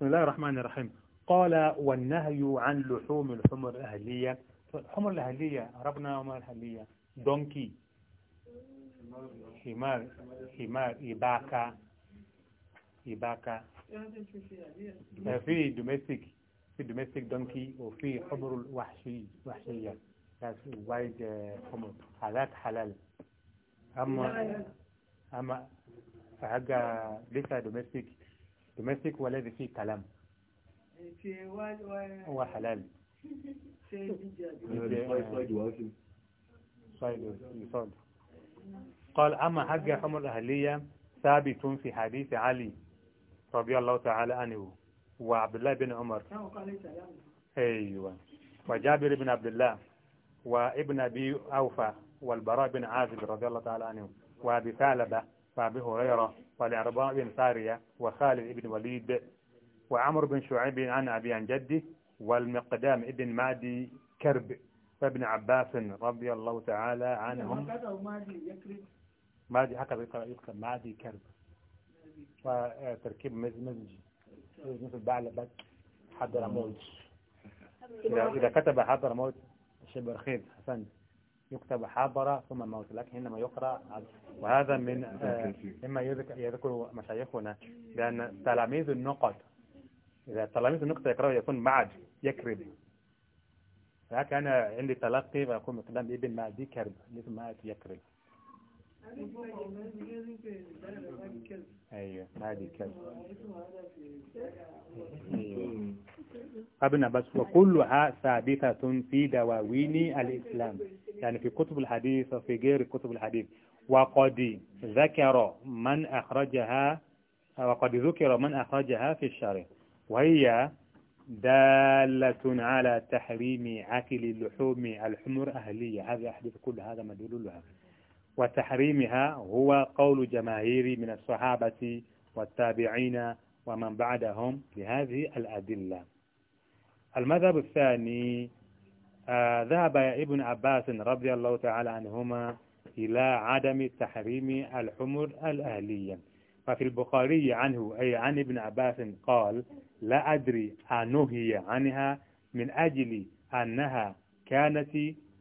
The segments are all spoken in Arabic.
بسم الله الرحمن الرحيم قال والنهي عن لحوم الحمر الأهلية الحمر الأهلية ربنا وما الأهلية دونكي حمار حمار إباكا إباكا في دوميستيك في دوميستيك دونكي وفي حمر الوحشي وحشية وايد آه، حمر حالات حلال أما أما فحاجة لسه دوميستيك تمسك والذي فيه كلام هو حلال قال أما حج حمر الأهلية ثابت في حديث علي رضي الله تعالى عنه وعبد الله بن عمر أيوة وجابر بن عبد الله وابن أبي أوفى والبراء بن عازب رضي الله تعالى عنه وأبي ثعلبة وأبي هريرة والأرباء بن سارية وخالد بن وليد وعمر بن شعيب عن أبي عن جدي والمقدام ابن مادي كرب فابن عباس رضي الله تعالى عنهم مادي هكذا يقرأ مادي كرب وتركيب مزج مثل بعلبك حضر موت إذا كتب حضر موت شبر خير حسنت يكتب حبر ثم الموت لكن هنا ما يقرأ وهذا من آه، مما يذكر مشايخنا لأن تلاميذ النقط إذا تلاميذ النقط يقرأ يكون معج يكرب لكن أنا عندي تلقي فأقول مثلا ابن معدي كرب مثل معدي يكرب ايوه هذه كرب أيوه. ابن بس وكلها ثابتة في دواوين الإسلام يعني في كتب الحديث وفي غير كتب الحديث وقد ذكر من أخرجها وقد ذكر من أخرجها في الشرع وهي دالة على تحريم أكل اللحوم الحمر أهلية هذه أحاديث كل هذا مدلول لها وتحريمها هو قول جماهير من الصحابة والتابعين ومن بعدهم لهذه الأدلة المذهب الثاني آه، ذهب ابن عباس رضي الله تعالى عنهما إلى عدم تحريم الحمر الأهلية ففي البخاري عنه أي عن ابن عباس قال لا أدري أنهي عنها من أجل أنها كانت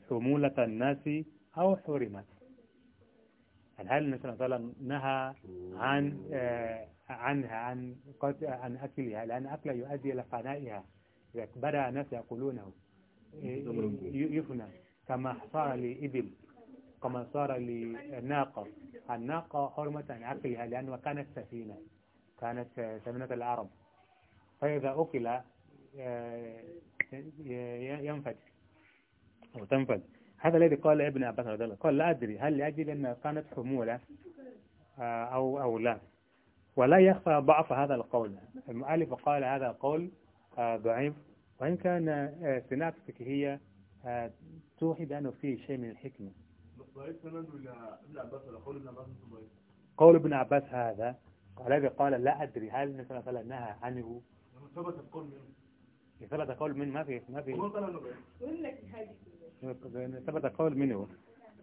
حمولة الناس أو حرمت يعني هل مثلا صلى نهى عن آه، عنها عن عن أكلها لأن أكلها يؤدي إلى فنائها إذا بدأ الناس يقولونه إيه، يفنى كما صار لإبل كما صار لناقة الناقة حرمت عن لأنها كانت سفينة كانت سفينة العرب فإذا أكل آه، ينفد أو تنفد هذا الذي قال ابن عباس رضي الله قال لا أدري هل لأجل أنها كانت حمولة آه، أو أو لا ولا يخفى ضعف هذا القول المؤلف قال هذا القول آه، ضعيف وإن كان آه، صناعة هي آه، توحي بأنه فيه شيء من الحكمة قول ابن عباس هذا الذي قال لا أدري هل مثلا صلى نهى عنه ثبت القول منه ثبت قول منه ما في ما في ثبت قول منه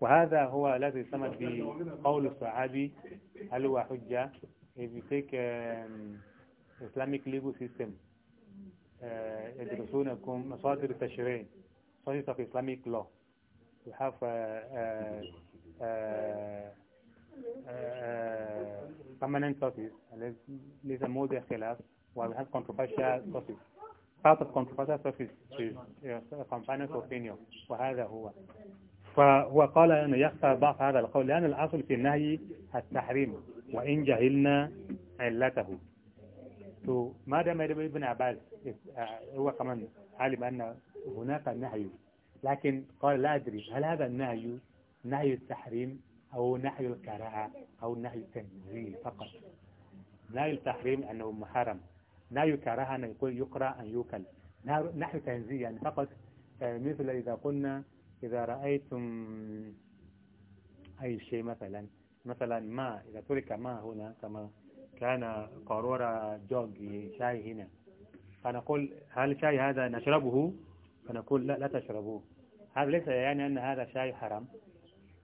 وهذا هو الذي سمت بقول الصحابي هل هو حجة if you take um, Islamic legal system uh, يدرسونكم مصادر التشريع صحيح في اسلاميك لو وحافة uh, uh, uh, permanent topic ليس مودة خلاف وحافة controversial topic part of controversial topic is confinement opinion وهذا هو فهو قال انه يخطر بعض هذا القول لان الاصل في النهي التحريم وان جهلنا علته تو ما دام ابن عباس آه، هو كمان علم أن هناك نهي لكن قال لا أدري هل هذا النهي نهي التحريم أو نهي الكراهة أو نهي التنزيل فقط نهي التحريم أنه محرم نهي الكراهة أن يقول يقرأ أن يوكل نهي التنزيل يعني فقط آه، مثل إذا قلنا إذا رأيتم أي شيء مثلا مثلا ما إذا ترك ما هنا كما كان قارورة جوج شاي هنا فنقول هل شاي هذا نشربه فنقول لا لا تشربوه هذا ليس يعني أن هذا شاي حرام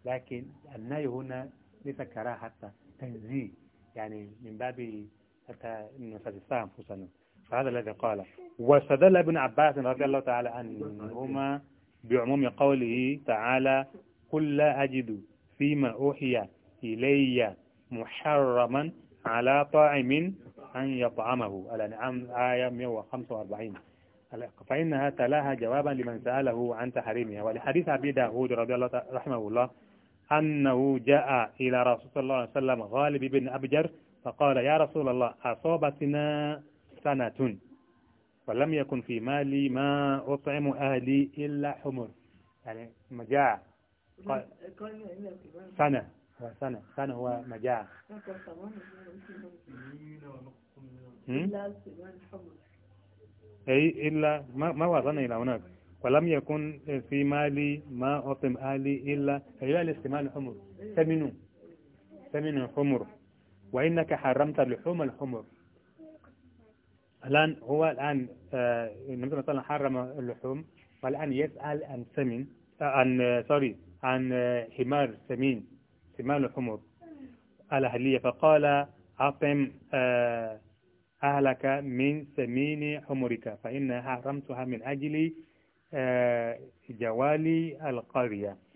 لكن النهي هنا ليس كراهة حتى تنزيه يعني من باب حتى نستفسر أنفسنا فهذا الذي قال واستدل ابن عباس رضي الله تعالى عنهما بعموم قوله تعالى قل لا أجد فيما أوحي إلي محرما على طاعم أن يطعمه الأنعام آية 145 فإنها تلاها جوابا لمن سأله عن تحريمها ولحديث أبي داود رضي الله رحمه الله أنه جاء إلى رسول الله صلى الله عليه وسلم غالب بن أبجر فقال يا رسول الله أصابتنا سنة ولم يكن في مالي ما أطعم أهلي إلا حمر يعني مجاعة سنة هو سنة سنة هو مجاعة أي إلا ما, ما وصلنا إلى هناك ولم يكن في مالي ما أطم آلي إلا إلا الاستمال الحمر ثمن ثمن الحمر وإنك حرمت لحوم الحمر الآن هو الآن آه، الله عليه وسلم حرم اللحوم والآن يسأل عن ثمن آه، عن سوري آه، عن حمار ثمين سمان الحمر أهلية فقال عطم آه، أهلك من سمين حمرك فإنها حرمتها من أجل آه، جوالي القرية